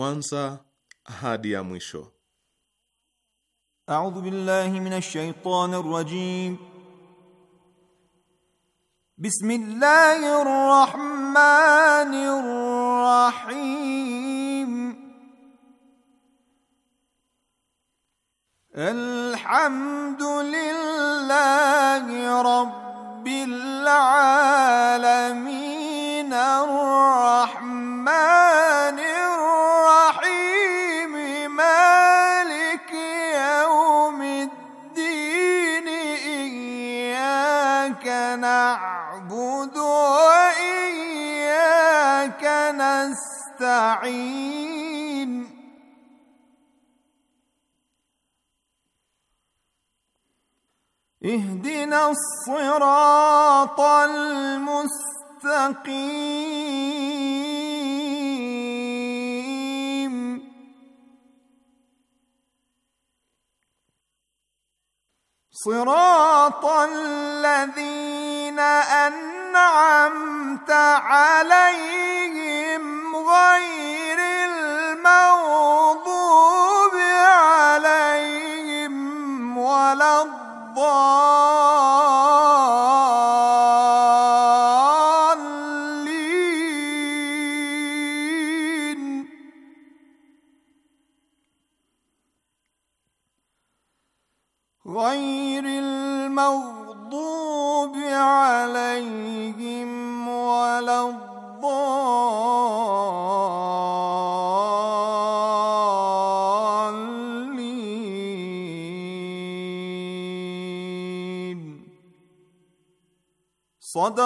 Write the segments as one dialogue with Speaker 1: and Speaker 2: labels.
Speaker 1: kwanza hadi ya mwisho.
Speaker 2: A'udhu billahi minash shaitanir rajim. Bismillahir rahmanir نعبد وإياك نستعين اهدنا الصراط المستقيم صراط الذين أنعمت عليهم غير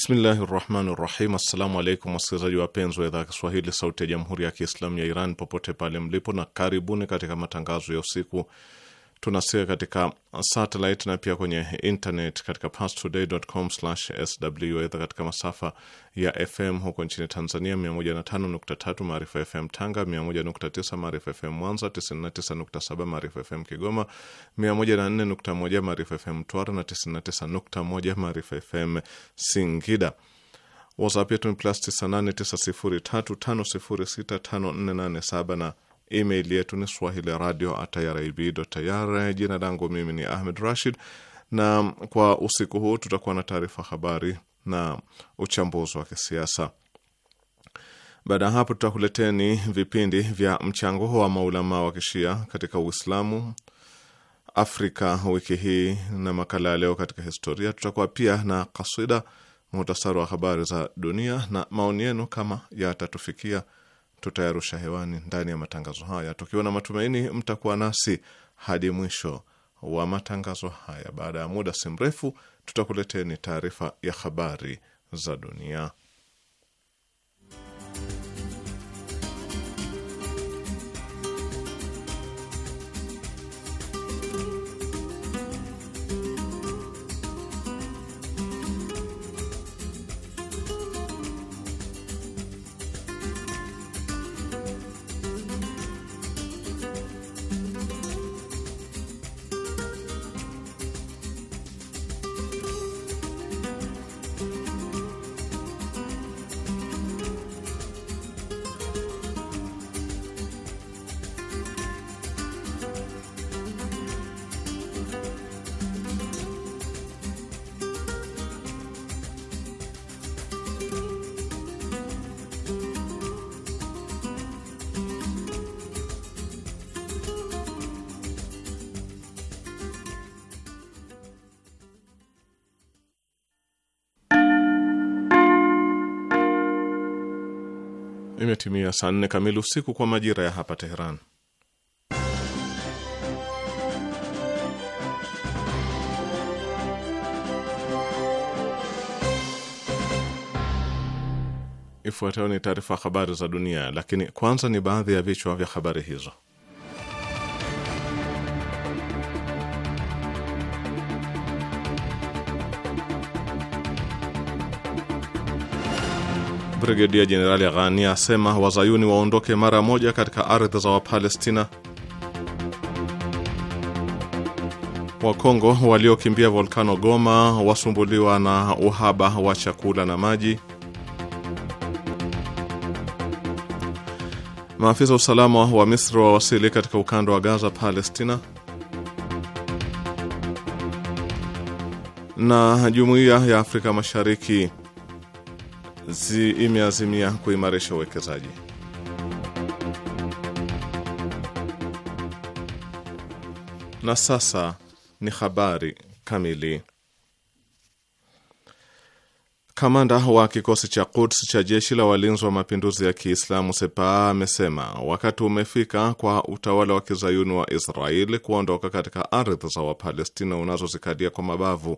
Speaker 1: Bismillahi rahmani rahim. Assalamu alaikum wasikilizaji wapenzi wa idhaa ya Kiswahili sauti ya jamhuri ya Kiislamu ya Iran popote pale mlipo, na karibuni katika matangazo ya usiku tunasikia katika satellite na pia kwenye internet katika pastodaycom sw aidha katika masafa ya FM huko nchini Tanzania 105.3 Maarifa FM Tanga, 101.9 Maarifa FM Mwanza, 99.7 Maarifa FM Kigoma, 104.1 Maarifa FM Mtwara na 99.1 Maarifa FM Singida. WhatsApp yetu ni plus 989035065487 na Email yetu ni swahili radio @irib.ir. Jina langu mimi ni Ahmed Rashid, na kwa usiku huu tutakuwa na taarifa habari na uchambuzi wa kisiasa. Baada ya hapo, tutakuleteni vipindi vya mchango wa maulamaa wa kishia katika Uislamu Afrika wiki hii na makala ya leo katika historia. Tutakuwa pia na kasida, muhtasari wa habari za dunia na maoni yenu kama yatatufikia ya tutayarusha hewani ndani ya matangazo haya, tukiwa na matumaini mtakuwa nasi hadi mwisho wa matangazo haya. Baada ya muda si mrefu, tutakuleteni taarifa ya habari za dunia. imetimia saa nne kamili usiku kwa majira ya hapa Teheran. Ifuatayo ni taarifa habari za dunia, lakini kwanza ni baadhi ya vichwa vya habari hizo. Brigedia Jenerali Ghani asema wazayuni waondoke mara moja katika ardhi za Wapalestina. Wakongo waliokimbia volkano Goma wasumbuliwa na uhaba wa chakula na maji. Maafisa wa usalama wa Misri wawasili katika ukanda wa Gaza, Palestina. Na jumuiya ya Afrika Mashariki imeazimia kuimarisha uwekezaji. Na sasa ni habari kamili. Kamanda wa kikosi cha Quds cha jeshi la walinzi wa mapinduzi ya Kiislamu Sepah amesema wakati umefika kwa utawala wa kizayuni wa Israeli kuondoka katika ardhi za Wapalestina unazozikalia kwa mabavu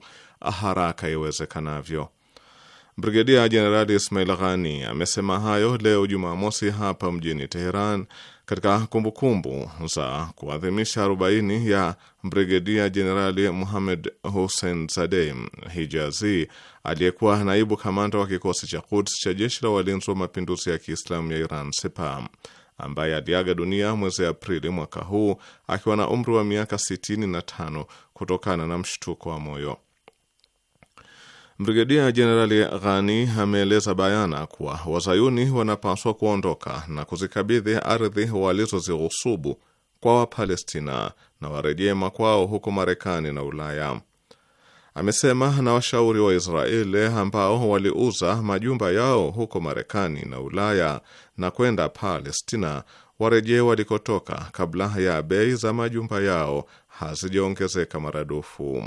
Speaker 1: haraka iwezekanavyo. Brigedia Jenerali Ismail Ghani amesema hayo leo Jumamosi hapa mjini Teheran katika kumbukumbu za kuadhimisha 40 ya Brigedia Jenerali Muhammad Hussein Zadeh Hijazi, aliyekuwa naibu kamanda wa kikosi cha Quds cha jeshi la walinzi wa mapinduzi ya Kiislamu ya Iran sepa ambaye aliaga dunia mwezi Aprili mwaka huu akiwa na umri wa miaka 65 kutokana na mshtuko wa moyo. Brigedia Jenerali Ghani ameeleza bayana kuwa wazayuni wanapaswa kuondoka na kuzikabidhi ardhi walizozighusubu kwa Wapalestina na warejee makwao huko Marekani na Ulaya. Amesema na washauri wa Israeli ambao waliuza majumba yao huko Marekani na Ulaya na kwenda Palestina warejee walikotoka kabla ya bei za majumba yao hazijaongezeka maradufu.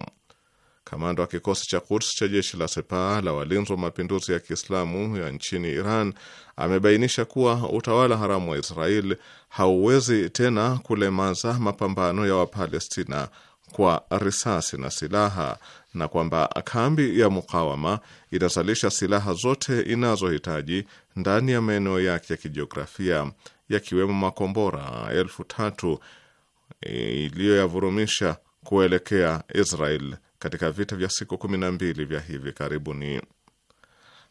Speaker 1: Kamanda wa kikosi cha Quds cha jeshi la Sepah la walinzi wa mapinduzi ya Kiislamu ya nchini Iran amebainisha kuwa utawala haramu wa Israel hauwezi tena kulemaza mapambano ya Wapalestina kwa risasi na silaha na kwamba kambi ya mukawama inazalisha silaha zote inazohitaji ndani ya maeneo yake ya kijiografia yakiwemo makombora elfu tatu eh, iliyoyavurumisha kuelekea Israel katika vita vya siku kumi na mbili vya hivi karibuni.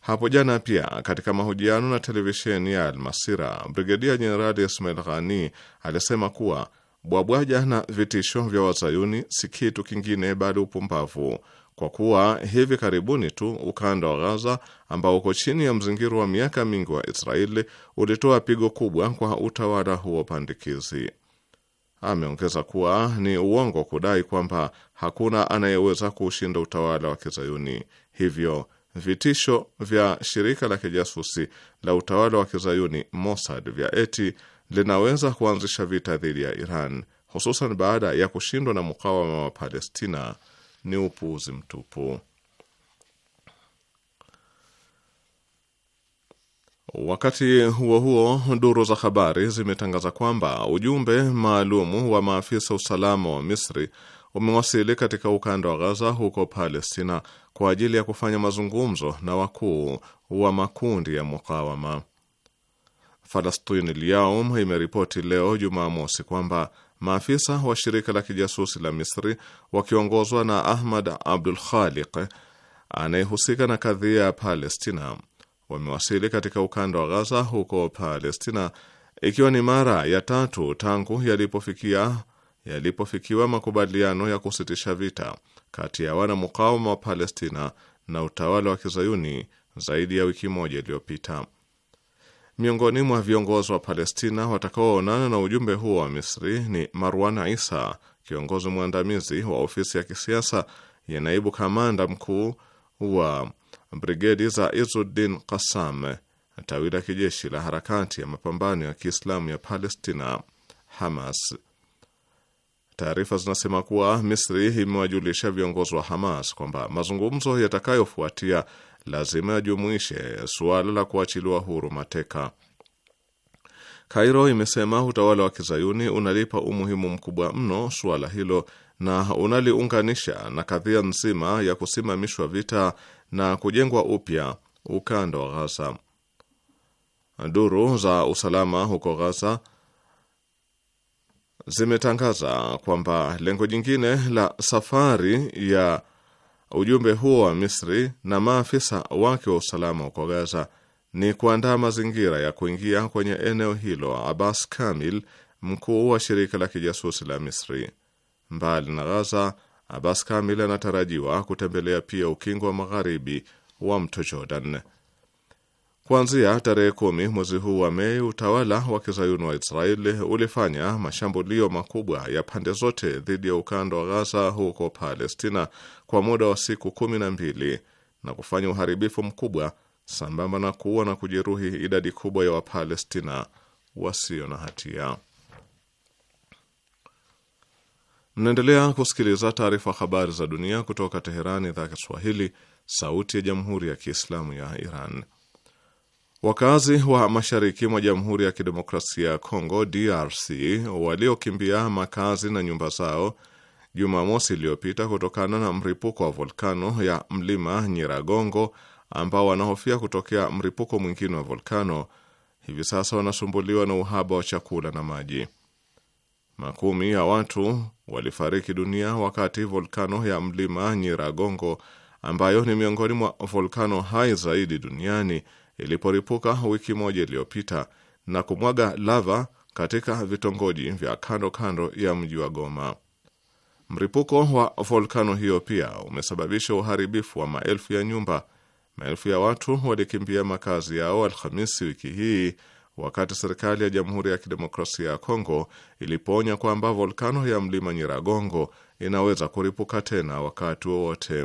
Speaker 1: Hapo jana pia katika mahojiano na televisheni ya Almasira, Brigedia Jenerali Ismail Ghani alisema kuwa bwabwaja na vitisho vya wazayuni si kitu kingine bali upumbavu, kwa kuwa hivi karibuni tu ukanda wa Ghaza ambao uko chini ya mzingiro wa miaka mingi wa Israeli ulitoa pigo kubwa kwa utawala huo pandikizi. Ameongeza kuwa ni uongo kudai kwamba hakuna anayeweza kuushinda utawala wa Kizayuni. Hivyo vitisho vya shirika la kijasusi la utawala wa Kizayuni Mossad vya eti linaweza kuanzisha vita dhidi ya Iran, hususan baada ya kushindwa na mukawama wa Palestina ni upuuzi mtupu. Wakati huo huo, duru za habari zimetangaza kwamba ujumbe maalumu wa maafisa usalama wa Misri umewasili katika ukanda wa Ghaza huko Palestina kwa ajili ya kufanya mazungumzo na wakuu wa makundi ya mukawama. Falastini Lyaum imeripoti leo Jumamosi kwamba maafisa wa shirika la kijasusi la Misri wakiongozwa na Ahmad Abdul Khaliq anayehusika na kadhia ya Palestina wamewasili katika ukanda wa Ghaza huko Palestina, ikiwa ni mara ya tatu tangu yalipofikia yalipofikiwa makubaliano ya kusitisha vita kati ya wanamukawama wa Palestina na utawala wa kizayuni zaidi ya wiki moja iliyopita. Miongoni mwa viongozi wa Palestina watakaoonana na ujumbe huo wa Misri ni Marwan Isa, kiongozi mwandamizi wa ofisi ya kisiasa ya naibu kamanda mkuu wa brigedi za Izuddin Kasam, tawi la kijeshi la harakati ya mapambano ya Kiislamu ya Palestina, Hamas. Taarifa zinasema kuwa Misri imewajulisha viongozi wa Hamas kwamba mazungumzo yatakayofuatia lazima yajumuishe suala la kuachiliwa huru mateka. Kairo imesema utawala wa kizayuni unalipa umuhimu mkubwa mno suala hilo na unaliunganisha na kadhia nzima ya kusimamishwa vita na kujengwa upya ukanda wa Ghaza. Duru za usalama huko Ghaza zimetangaza kwamba lengo jingine la safari ya ujumbe huo wa Misri na maafisa wake wa usalama huko Gaza ni kuandaa mazingira ya kuingia kwenye eneo hilo Abbas Kamil, mkuu wa shirika la kijasusi la Misri. Mbali na Gaza, Abbas Kamil anatarajiwa kutembelea pia ukingo wa magharibi wa mto Jordan. Kuanzia tarehe kumi mwezi huu wa Mei, utawala wa kizayuni wa Israeli ulifanya mashambulio makubwa ya pande zote dhidi ya ukanda wa Ghaza huko Palestina kwa muda wa siku kumi na mbili na kufanya uharibifu mkubwa sambamba na kuua na kujeruhi idadi kubwa ya Wapalestina wasio na hatia. Mnaendelea kusikiliza taarifa habari za dunia kutoka Teherani, idhaa Kiswahili, sauti ya jamhuri ya kiislamu ya Iran. Wakazi wa mashariki mwa Jamhuri ya Kidemokrasia ya Kongo DRC waliokimbia makazi na nyumba zao Jumamosi iliyopita kutokana na mripuko wa volkano ya mlima Nyiragongo ambao wanahofia kutokea mripuko mwingine wa volkano, hivi sasa wanasumbuliwa na uhaba wa chakula na maji. Makumi ya watu walifariki dunia wakati volkano ya mlima Nyiragongo ambayo ni miongoni mwa volkano hai zaidi duniani iliporipuka wiki moja iliyopita na kumwaga lava katika vitongoji vya kando kando ya mji wa Goma. Mripuko wa volkano hiyo pia umesababisha uharibifu wa maelfu ya nyumba. Maelfu ya watu walikimbia makazi yao Alhamisi wiki hii wakati serikali ya Jamhuri ya Kidemokrasia ya Kongo ilipoonya kwamba volkano ya mlima Nyiragongo inaweza kuripuka tena wakati wowote.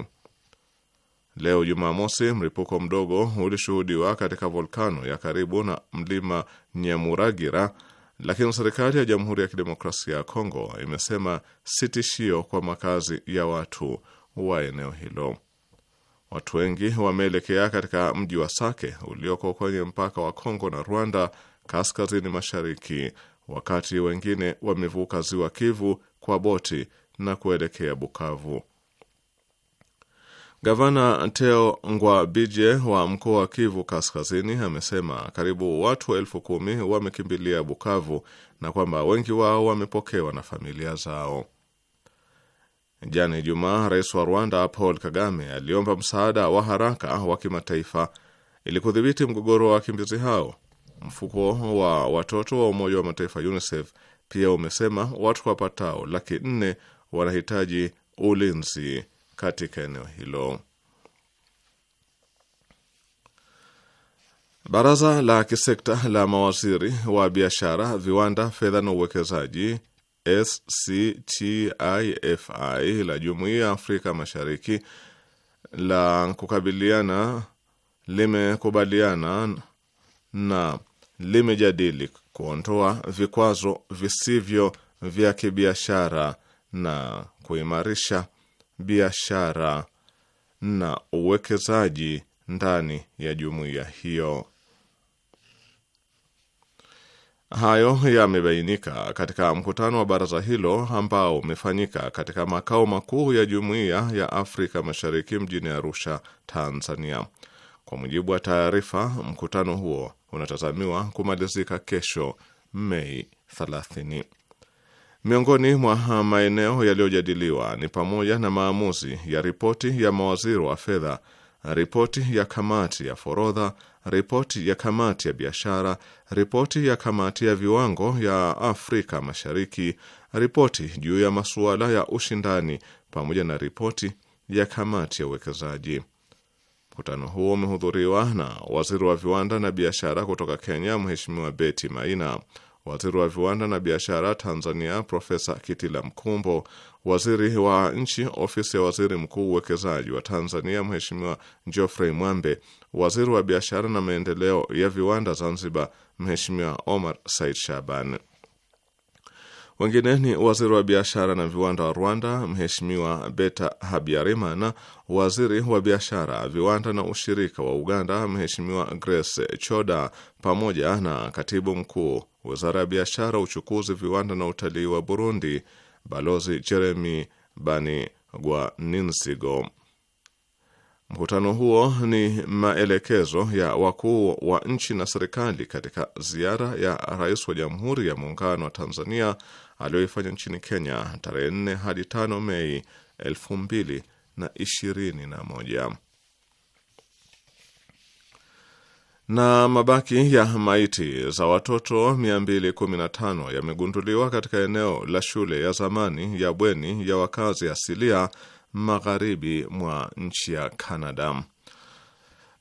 Speaker 1: Leo Jumamosi, mlipuko mdogo ulishuhudiwa katika volkano ya karibu na mlima Nyamuragira, lakini serikali ya Jamhuri ya Kidemokrasia ya Kongo imesema si tishio kwa makazi ya watu wa eneo hilo. Watu wengi wameelekea katika mji wa Sake ulioko kwenye mpaka wa Kongo na Rwanda kaskazini mashariki, wakati wengine wamevuka ziwa Kivu kwa boti na kuelekea Bukavu. Gavana Teo ngwabije wa mkoa wa Kivu Kaskazini amesema karibu watu elfu kumi wamekimbilia Bukavu na kwamba wengi wao wamepokewa na familia zao. Jana Ijumaa, rais wa Rwanda Paul Kagame aliomba msaada wa haraka wa kimataifa ili kudhibiti mgogoro wa wakimbizi hao. Mfuko wa watoto wa Umoja wa Mataifa UNICEF pia umesema watu wapatao laki nne wanahitaji ulinzi katika eneo hilo. Baraza la kisekta la mawaziri wa biashara, viwanda, fedha na uwekezaji SCTIFI la Jumuiya ya Afrika Mashariki la kukabiliana limekubaliana na limejadili kuondoa vikwazo visivyo vya kibiashara na kuimarisha biashara na uwekezaji ndani ya jumuiya hiyo. Hayo yamebainika katika mkutano wa baraza hilo ambao umefanyika katika makao makuu ya jumuiya ya Afrika Mashariki mjini Arusha, Tanzania. Kwa mujibu wa taarifa, mkutano huo unatazamiwa kumalizika kesho Mei 30. Miongoni mwa maeneo yaliyojadiliwa ni pamoja na maamuzi ya ripoti ya mawaziri wa fedha, ripoti ya kamati ya forodha, ripoti ya kamati ya biashara, ripoti ya kamati ya viwango ya Afrika Mashariki, ripoti juu ya masuala ya ushindani pamoja na ripoti ya kamati ya uwekezaji. Mkutano huo umehudhuriwa na waziri wa viwanda na biashara kutoka Kenya, Mheshimiwa Betty Maina waziri wa viwanda na biashara Tanzania Profesa Kitila Mkumbo, waziri wa nchi ofisi ya waziri mkuu uwekezaji wa Tanzania Mheshimiwa Geoffrey Mwambe, waziri wa biashara na maendeleo ya viwanda Zanzibar Mheshimiwa Omar Said Shaban. Wengine ni waziri wa biashara na viwanda wa Rwanda, Mheshimiwa Beta Habyarimana, waziri wa biashara, viwanda na ushirika wa Uganda, Mheshimiwa Grace Choda, pamoja na katibu mkuu wizara ya biashara, uchukuzi, viwanda na utalii wa Burundi, Balozi Jeremy Bani ninsigo Mkutano huo ni maelekezo ya wakuu wa nchi na serikali katika ziara ya rais wa Jamhuri ya Muungano wa Tanzania aliyoifanya nchini Kenya tarehe 4 hadi 5 Mei mbili Na mabaki ya maiti za watoto 215 yamegunduliwa katika eneo la shule ya zamani ya bweni ya wakazi asilia magharibi mwa nchi ya Canada.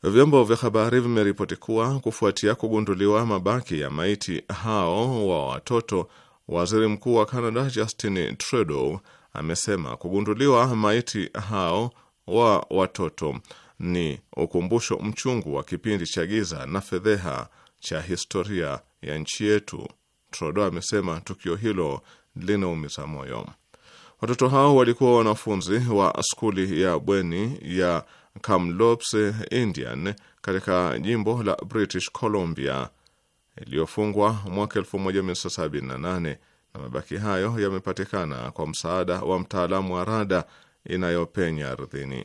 Speaker 1: Vyombo vya habari vimeripoti kuwa kufuatia kugunduliwa mabaki ya maiti hao wa watoto, waziri mkuu wa Canada Justin Trudeau amesema kugunduliwa maiti hao wa watoto ni ukumbusho mchungu wa kipindi cha giza na fedheha cha historia ya nchi yetu. Trudeau amesema tukio hilo linaumiza moyo. Watoto hao walikuwa wanafunzi wa skuli ya bweni ya Kamloops Indian katika jimbo la British Columbia iliyofungwa mwaka 1978 na mabaki hayo yamepatikana kwa msaada wa mtaalamu wa rada inayopenya ardhini.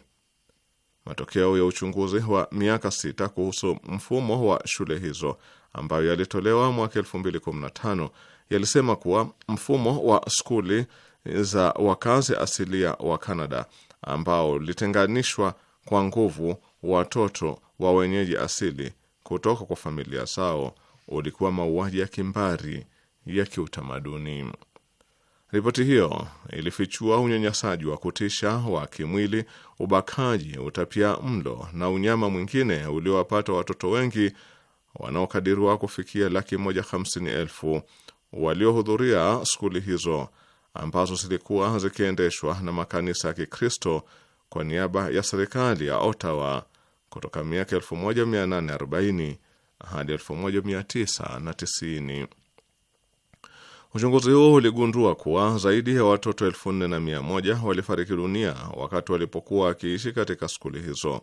Speaker 1: Matokeo ya uchunguzi wa miaka sita kuhusu mfumo wa shule hizo ambayo yalitolewa mwaka 2015 yalisema kuwa mfumo wa skuli za wakazi asilia wa Kanada ambao litenganishwa kwa nguvu watoto wa wenyeji asili kutoka kwa familia zao ulikuwa mauaji ya kimbari ya kiutamaduni. Ripoti hiyo ilifichua unyanyasaji wa kutisha wa kimwili, ubakaji, utapia mlo na unyama mwingine uliowapata watoto wengi wanaokadiriwa kufikia laki moja hamsini elfu waliohudhuria skuli hizo ambazo zilikuwa zikiendeshwa na makanisa ya Kikristo kwa niaba ya serikali ya Ottawa kutoka miaka 1840 hadi 1990. Uchunguzi huo uligundua kuwa zaidi ya watoto 41 walifariki dunia wakati walipokuwa wakiishi katika skuli hizo.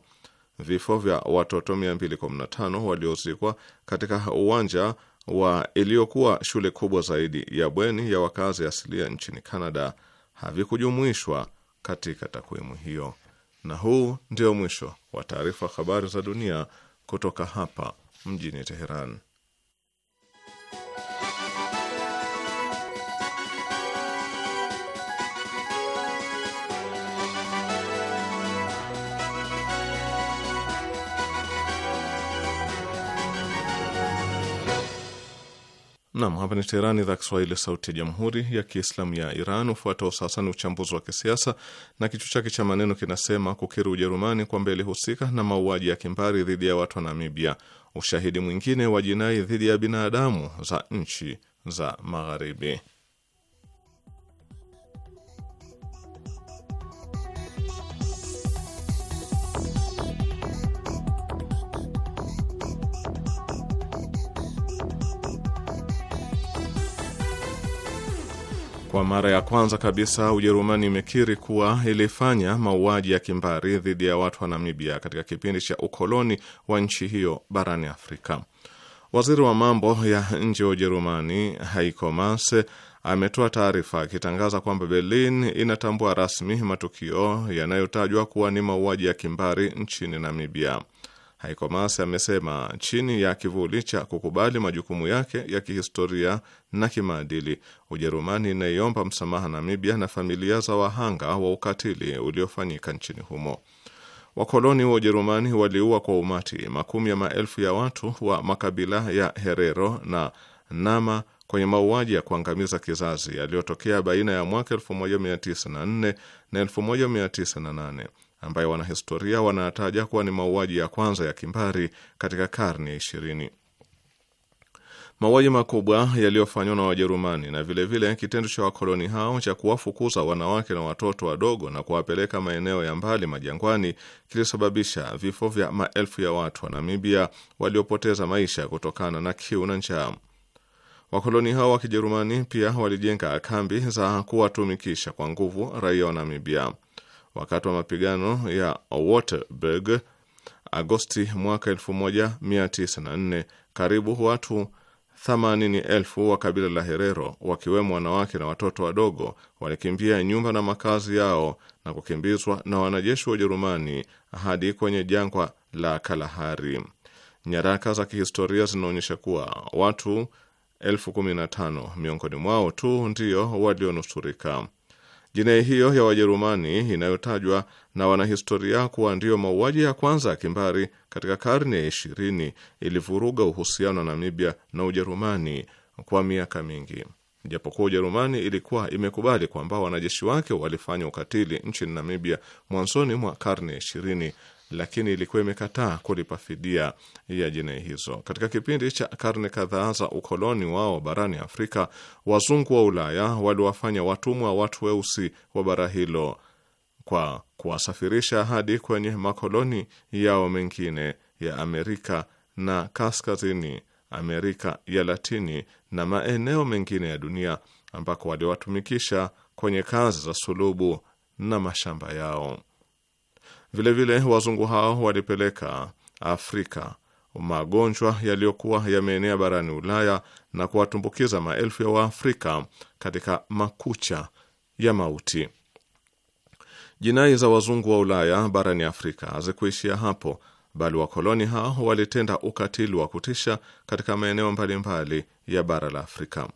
Speaker 1: Vifo vya watoto 215 waliozikwa katika uwanja wa iliyokuwa shule kubwa zaidi ya bweni ya wakazi asilia nchini Canada havikujumuishwa katika takwimu hiyo. Na huu ndio mwisho wa taarifa habari za dunia kutoka hapa mjini Teheran. Nam, hapa ni Teherani, idhaa Kiswahili, sauti ya jamhuri ya kiislamu ya Iran. hufuata sasa ni uchambuzi wa kisiasa na kichwa chake cha maneno kinasema kukiri Ujerumani kwamba ilihusika na mauaji ya kimbari dhidi ya watu wa Namibia, ushahidi mwingine wa jinai dhidi ya binadamu za nchi za Magharibi. Kwa mara ya kwanza kabisa Ujerumani imekiri kuwa ilifanya mauaji ya kimbari dhidi ya watu wa Namibia katika kipindi cha ukoloni wa nchi hiyo barani Afrika. Waziri wa mambo ya nje wa Ujerumani Heiko Maas ametoa taarifa akitangaza kwamba Berlin inatambua rasmi matukio yanayotajwa kuwa ni mauaji ya kimbari nchini Namibia. Heiko Maas amesema chini ya kivuli cha kukubali majukumu yake ya kihistoria na kimaadili, Ujerumani inaiomba msamaha Namibia na familia za wahanga wa ukatili uliofanyika nchini humo. Wakoloni wa Ujerumani waliua kwa umati makumi ya maelfu ya watu wa makabila ya Herero na Nama kwenye mauaji ya kuangamiza kizazi yaliyotokea baina ya mwaka 1904 na 1908 ambayo wanahistoria wanataja kuwa ni mauaji ya kwanza ya kimbari katika karne ya ishirini. Mauaji makubwa yaliyofanywa na Wajerumani na vilevile kitendo cha wakoloni hao cha kuwafukuza wanawake na watoto wadogo na kuwapeleka maeneo ya mbali majangwani kilisababisha vifo vya maelfu ya watu wa Namibia waliopoteza maisha kutokana na kiu na njaa. Wakoloni hao wa Kijerumani pia walijenga kambi za kuwatumikisha kwa nguvu raia wa Namibia wakati wa mapigano ya Waterberg Agosti mwaka 1904 karibu watu 80,000 wa kabila la Herero wakiwemo wanawake na watoto wadogo walikimbia nyumba na makazi yao na kukimbizwa na wanajeshi wa Ujerumani hadi kwenye jangwa la Kalahari. Nyaraka za kihistoria zinaonyesha kuwa watu 15,000 miongoni mwao tu ndio walionusurika. Jinai hiyo ya Wajerumani inayotajwa na wanahistoria kuwa ndiyo mauaji ya kwanza ya kimbari katika karne ya ishirini ilivuruga uhusiano wa Namibia na Ujerumani kwa miaka mingi. Japokuwa Ujerumani ilikuwa imekubali kwamba wanajeshi wake walifanya ukatili nchini Namibia mwanzoni mwa karne ya ishirini, lakini ilikuwa imekataa kulipa fidia ya jinai hizo. Katika kipindi cha karne kadhaa za ukoloni wao barani Afrika, wazungu wa Ulaya waliwafanya watumwa watu weusi wa bara hilo kwa kuwasafirisha hadi kwenye makoloni yao mengine ya Amerika na Kaskazini Amerika ya Latini na maeneo mengine ya dunia ambako waliwatumikisha kwenye kazi za sulubu na mashamba yao. Vilevile wazungu hao walipeleka Afrika magonjwa yaliyokuwa yameenea barani Ulaya na kuwatumbukiza maelfu ya Waafrika katika makucha ya mauti. Jinai za wazungu wa Ulaya barani Afrika hazikuishia hapo, bali wakoloni hao walitenda ukatili wa kutisha katika maeneo mbalimbali ya bara la Afrika.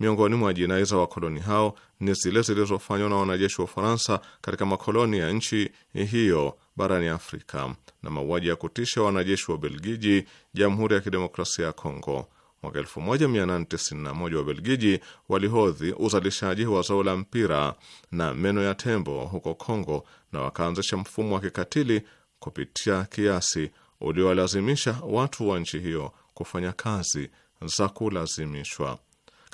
Speaker 1: Miongoni mwa jinai za wakoloni hao ni zile zilizofanywa na wanajeshi wa Ufaransa katika makoloni ya nchi hiyo barani Afrika na mauaji ya kutisha wanajeshi wa Belgiji, Jamhuri ya Kidemokrasia ya Kongo. Mwaka 1891 wa Belgiji walihodhi uzalishaji wa zao la mpira na meno ya tembo huko Kongo na wakaanzisha mfumo wa kikatili kupitia kiasi uliowalazimisha watu wa nchi hiyo kufanya kazi za kulazimishwa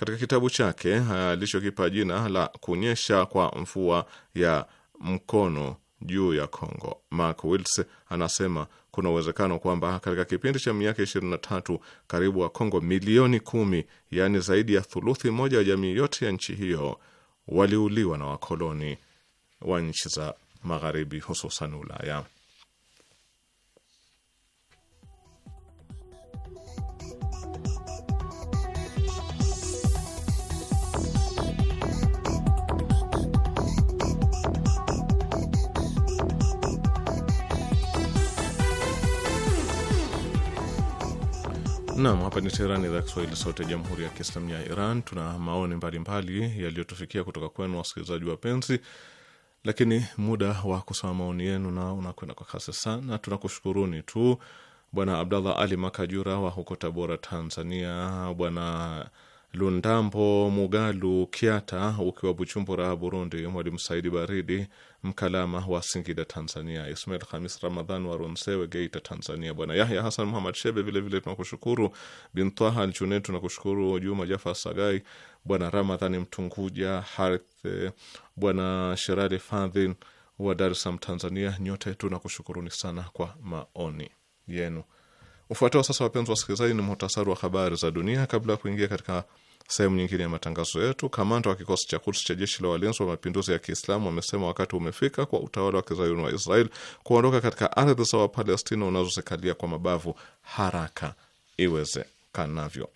Speaker 1: katika kitabu chake alichokipa jina la kunyesha kwa mvua ya mkono juu ya Kongo, Mark Wills anasema kuna uwezekano kwamba katika kipindi cha miaka 23 karibu wa Kongo milioni kumi, yaani zaidi ya thuluthi moja ya jamii yote ya nchi hiyo waliuliwa na wakoloni wa nchi za magharibi hususan Ulaya. Nam, hapa ni Teherani, idhaa Kiswahili, sauti ya jamhuri ya kiislamu ya Iran. Tuna maoni mbalimbali yaliyotufikia kutoka kwenu wasikilizaji wapenzi, lakini muda wa kusoma maoni yenu nao unakwenda kwa kasi sana. Tunakushukuruni tu Bwana Abdallah Ali Makajura wa huko Tabora, Tanzania, Bwana Lundambo Mugalu Kiata ukiwa Bujumbura, Burundi, Mwalimu Saidi Baridi Mkalama wa Singida, Tanzania, Ismail Hamis Ramadhan wa Runsewe, Geita, Tanzania, Bwana Yahya Hasan Muhamad Shebe vilevile tunakushukuru. Bintwaha Aljunet tunakushukuru. Juma Jafa Sagai, Bwana Ramadhani Mtunguja Harith, eh, Bwana Sherali Fadhin wa Dar es Salaam, Tanzania, nyote tunakushukuruni sana kwa maoni yenu. Ufuatao sasa, wapenzi wasikilizaji, ni muhtasari wa habari za dunia kabla ya kuingia katika Sehemu nyingine ya matangazo yetu, kamanda wa kikosi cha Quds cha jeshi la walinzi wa mapinduzi ya Kiislamu wamesema wakati umefika kwa utawala wa kizayuni wa Israel kuondoka katika ardhi za Wapalestina unazozikalia kwa mabavu haraka iwezekanavyo.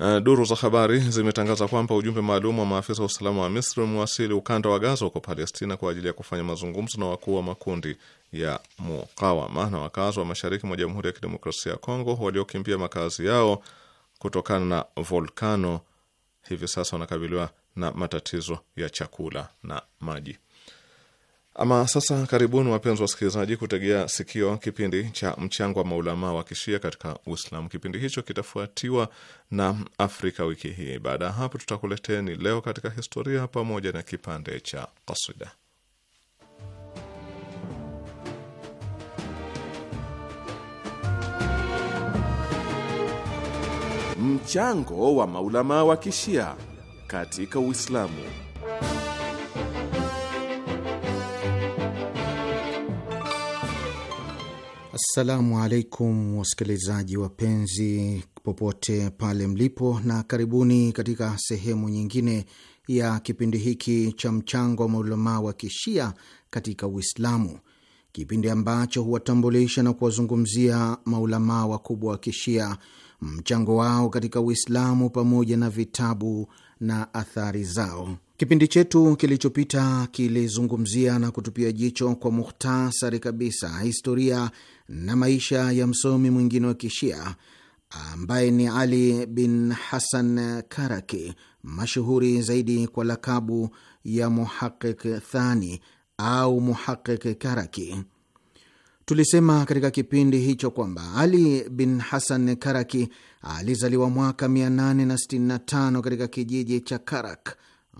Speaker 1: Uh, duru za habari zimetangaza kwamba ujumbe maalum wa maafisa wa usalama wa Misri umewasili ukanda wa Gaza huko Palestina kwa ajili ya kufanya mazungumzo na wakuu wa makundi ya mukawama na wakazi wa mashariki mwa Jamhuri ya Kidemokrasia ya Kongo waliokimbia makazi yao kutokana na volkano hivi sasa wanakabiliwa na matatizo ya chakula na maji. Ama sasa, karibuni wapenzi wasikilizaji, kutegea sikio kipindi cha mchango wa maulamaa wa kishia katika Uislamu. Kipindi hicho kitafuatiwa na Afrika wiki hii. Baada ya hapo, tutakuleteni leo katika historia pamoja na kipande cha kasida. Mchango wa maulama wa kishia katika Uislamu.
Speaker 3: Assalamu alaikum wasikilizaji wapenzi, popote pale mlipo, na karibuni katika sehemu nyingine ya kipindi hiki cha mchango wa maulamaa wa kishia katika Uislamu, kipindi ambacho huwatambulisha na kuwazungumzia maulamaa wakubwa wa kishia mchango wao katika Uislamu pamoja na vitabu na athari zao. Kipindi chetu kilichopita kilizungumzia na kutupia jicho kwa muhtasari kabisa historia na maisha ya msomi mwingine wa Kishia ambaye ni Ali bin Hasan Karaki, mashuhuri zaidi kwa lakabu ya Muhaqiq Thani au Muhaqiq Karaki. Tulisema katika kipindi hicho kwamba Ali bin Hasan Karaki alizaliwa mwaka 865 katika kijiji cha Karak,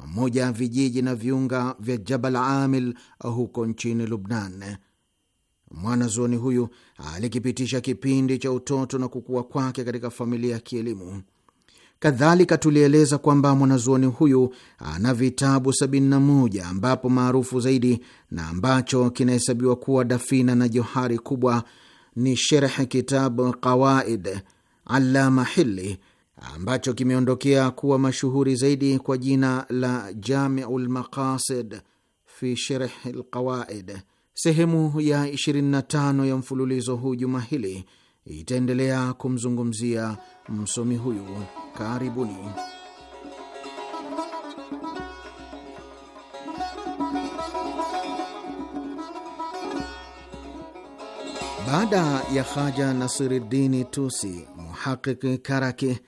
Speaker 3: moja ya vijiji na viunga vya Jabal Amil huko nchini Lubnan. Mwanazuoni huyu alikipitisha kipindi cha utoto na kukua kwake katika familia ya kielimu. Kadhalika tulieleza kwamba mwanazuoni huyu ana vitabu 71 ambapo maarufu zaidi na ambacho kinahesabiwa kuwa dafina na johari kubwa ni sherhe kitabu Qawaid Allama Hili ambacho kimeondokea kuwa mashuhuri zaidi kwa jina la Jamiu lMaqasid fi sherhi lQawaid. Sehemu ya 25 ya mfululizo huu juma hili itaendelea kumzungumzia msomi huyu. Karibuni. Baada ya Haja nasiridini Tusi, muhaqik Karaki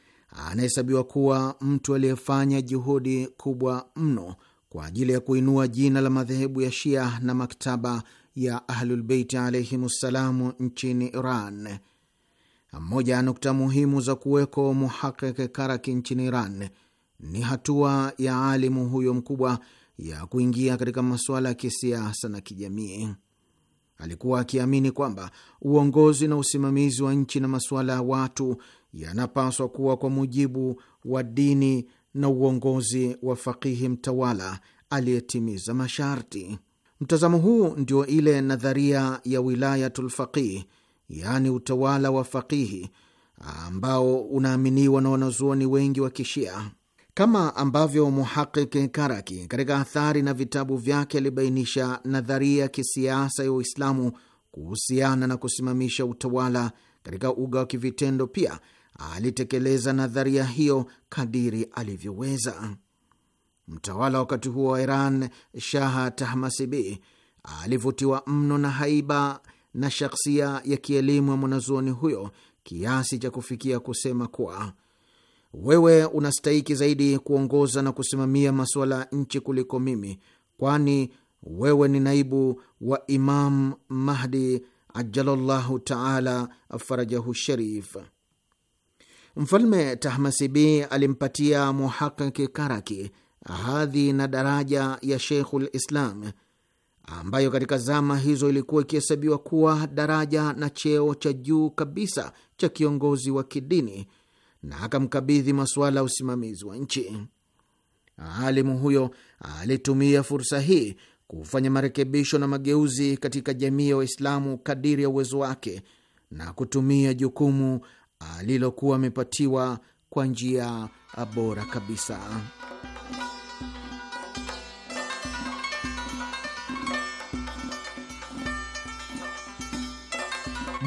Speaker 3: anahesabiwa kuwa mtu aliyefanya juhudi kubwa mno kwa ajili ya kuinua jina la madhehebu ya Shia na maktaba ya Ahlulbeiti alaihim ssalamu nchini Iran. Moja ya nukta muhimu za kuweko muhakiki Karaki nchini Iran ni hatua ya alimu huyo mkubwa ya kuingia katika masuala ya kisiasa na kijamii. Alikuwa akiamini kwamba uongozi na usimamizi wa nchi na masuala ya watu yanapaswa kuwa kwa mujibu wa dini na uongozi wa fakihi mtawala aliyetimiza masharti. Mtazamo huu ndio ile nadharia ya wilayatul faqih yaani utawala wa faqihi ambao unaaminiwa na wanazuoni wengi wa Kishia. Kama ambavyo Muhaqiki Karaki katika athari na vitabu vyake alibainisha nadharia ya kisiasa ya Uislamu kuhusiana na kusimamisha utawala katika uga wa kivitendo, pia alitekeleza nadharia hiyo kadiri alivyoweza. Mtawala wakati huo wa Iran, Shaha Tahmasibi, alivutiwa mno na haiba na shakhsia ya kielimu ya mwanazuoni huyo kiasi cha kufikia kusema kuwa wewe unastahiki zaidi kuongoza na kusimamia masuala ya nchi kuliko mimi, kwani wewe ni naibu wa Imam Mahdi ajalallahu taala farajahu sharif. Mfalme Tahmasibi alimpatia Muhaqiki Karaki hadhi na daraja ya Sheikhul Islam ambayo katika zama hizo ilikuwa ikihesabiwa kuwa daraja na cheo cha juu kabisa cha kiongozi wa kidini, na akamkabidhi masuala ya usimamizi wa nchi. Alimu huyo alitumia fursa hii kufanya marekebisho na mageuzi katika jamii ya Waislamu kadiri ya uwezo wake na kutumia jukumu alilokuwa amepatiwa kwa njia bora kabisa.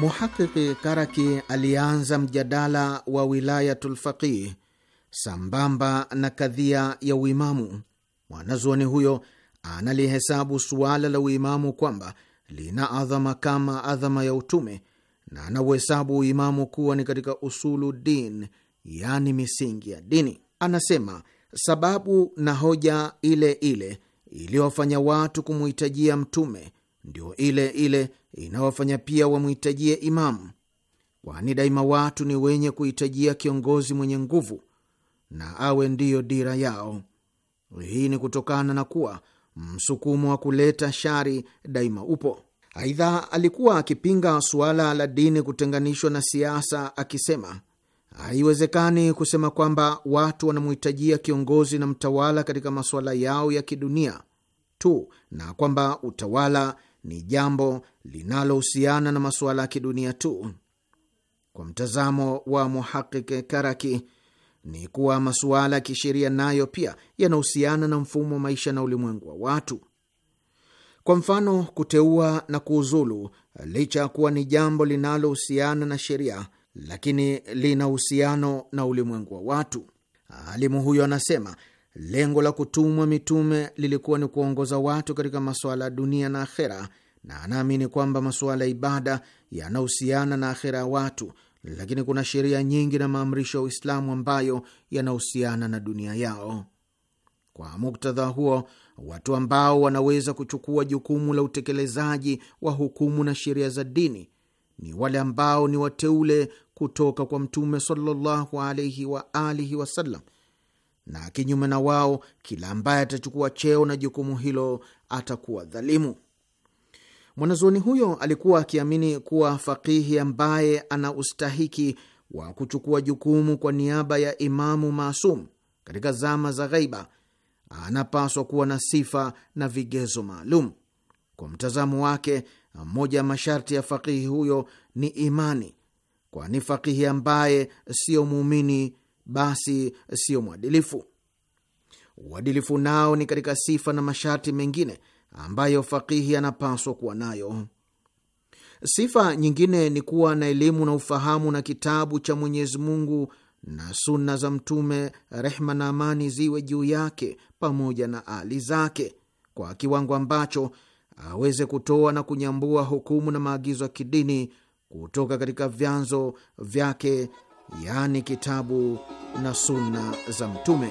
Speaker 3: Muhakiki Karaki alianza mjadala wa Wilayatul Faqih sambamba na kadhia ya uimamu. Mwanazuoni huyo analihesabu suala la uimamu kwamba lina adhama kama adhama ya utume na anauhesabu uimamu kuwa ni katika usulu din, yaani misingi ya dini. Anasema sababu na hoja ile ile iliyowafanya watu kumuhitajia mtume ndio ile ile inawafanya pia wamhitajie imamu, kwani daima watu ni wenye kuhitajia kiongozi mwenye nguvu na awe ndiyo dira yao. Hii ni kutokana na kuwa msukumo wa kuleta shari daima upo. Aidha, alikuwa akipinga suala la dini kutenganishwa na siasa, akisema haiwezekani kusema kwamba watu wanamhitajia kiongozi na mtawala katika masuala yao ya kidunia tu na kwamba utawala ni jambo linalohusiana na masuala ya kidunia tu. Kwa mtazamo wa Muhakiki Karaki ni kuwa masuala ya kisheria nayo pia yanahusiana na mfumo wa maisha na ulimwengu wa watu. Kwa mfano, kuteua na kuuzulu, licha ya kuwa ni jambo linalohusiana na sheria, lakini lina uhusiano na ulimwengu wa watu. Alimu huyo anasema Lengo la kutumwa mitume lilikuwa ni kuongoza watu katika masuala ya dunia na akhera, na anaamini kwamba masuala ya ibada yanahusiana na akhera ya watu, lakini kuna sheria nyingi na maamrisho ya Uislamu ambayo yanahusiana na dunia yao. Kwa muktadha huo, watu ambao wanaweza kuchukua jukumu la utekelezaji wa hukumu na sheria za dini ni wale ambao ni wateule kutoka kwa Mtume sallallahu alaihi wa alihi wasallam na kinyume na wao, kila ambaye atachukua cheo na jukumu hilo atakuwa dhalimu. Mwanazuoni huyo alikuwa akiamini kuwa fakihi ambaye ana ustahiki wa kuchukua jukumu kwa niaba ya imamu maasum katika zama za ghaiba anapaswa kuwa na sifa na vigezo maalum. Kwa mtazamo wake, mmoja ya masharti ya fakihi huyo ni imani, kwani fakihi ambaye siyo muumini basi siyo mwadilifu. Uadilifu nao ni katika sifa na masharti mengine ambayo fakihi anapaswa kuwa nayo. Sifa nyingine ni kuwa na elimu na ufahamu na kitabu cha Mwenyezi Mungu na sunna za Mtume, rehma na amani ziwe juu yake pamoja na ali zake, kwa kiwango ambacho aweze kutoa na kunyambua hukumu na maagizo ya kidini kutoka katika vyanzo vyake yaani kitabu na sunna za Mtume.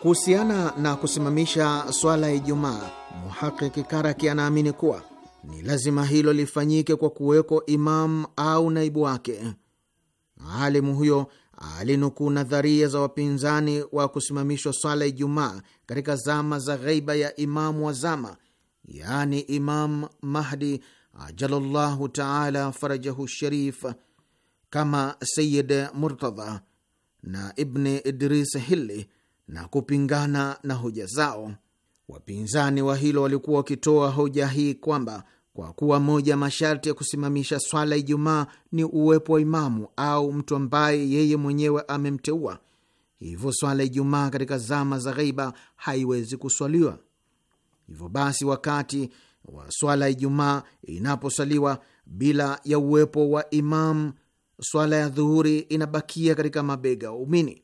Speaker 3: Kuhusiana na kusimamisha swala ya Ijumaa, Muhakiki Karaki anaamini kuwa ni lazima hilo lifanyike kwa kuweko imamu au naibu wake. Alimu huyo alinukuu nadharia za wapinzani wa kusimamishwa swala ya Ijumaa katika zama za ghaiba ya imamu wa zama yani Imam Mahdi ajalallahu taala farajahu sharif, kama Sayid Murtadha na Ibni Idris Hilli na kupingana na hoja zao. Wapinzani wa hilo walikuwa wakitoa hoja hii kwamba kwa kuwa moja masharti ya kusimamisha swala Ijumaa ni uwepo wa imamu au mtu ambaye yeye mwenyewe amemteua, hivyo swala Ijumaa katika zama za ghaiba haiwezi kuswaliwa. Hivyo basi, wakati wa swala ya Ijumaa inaposaliwa bila ya uwepo wa imamu, swala ya dhuhuri inabakia katika mabega ya waumini.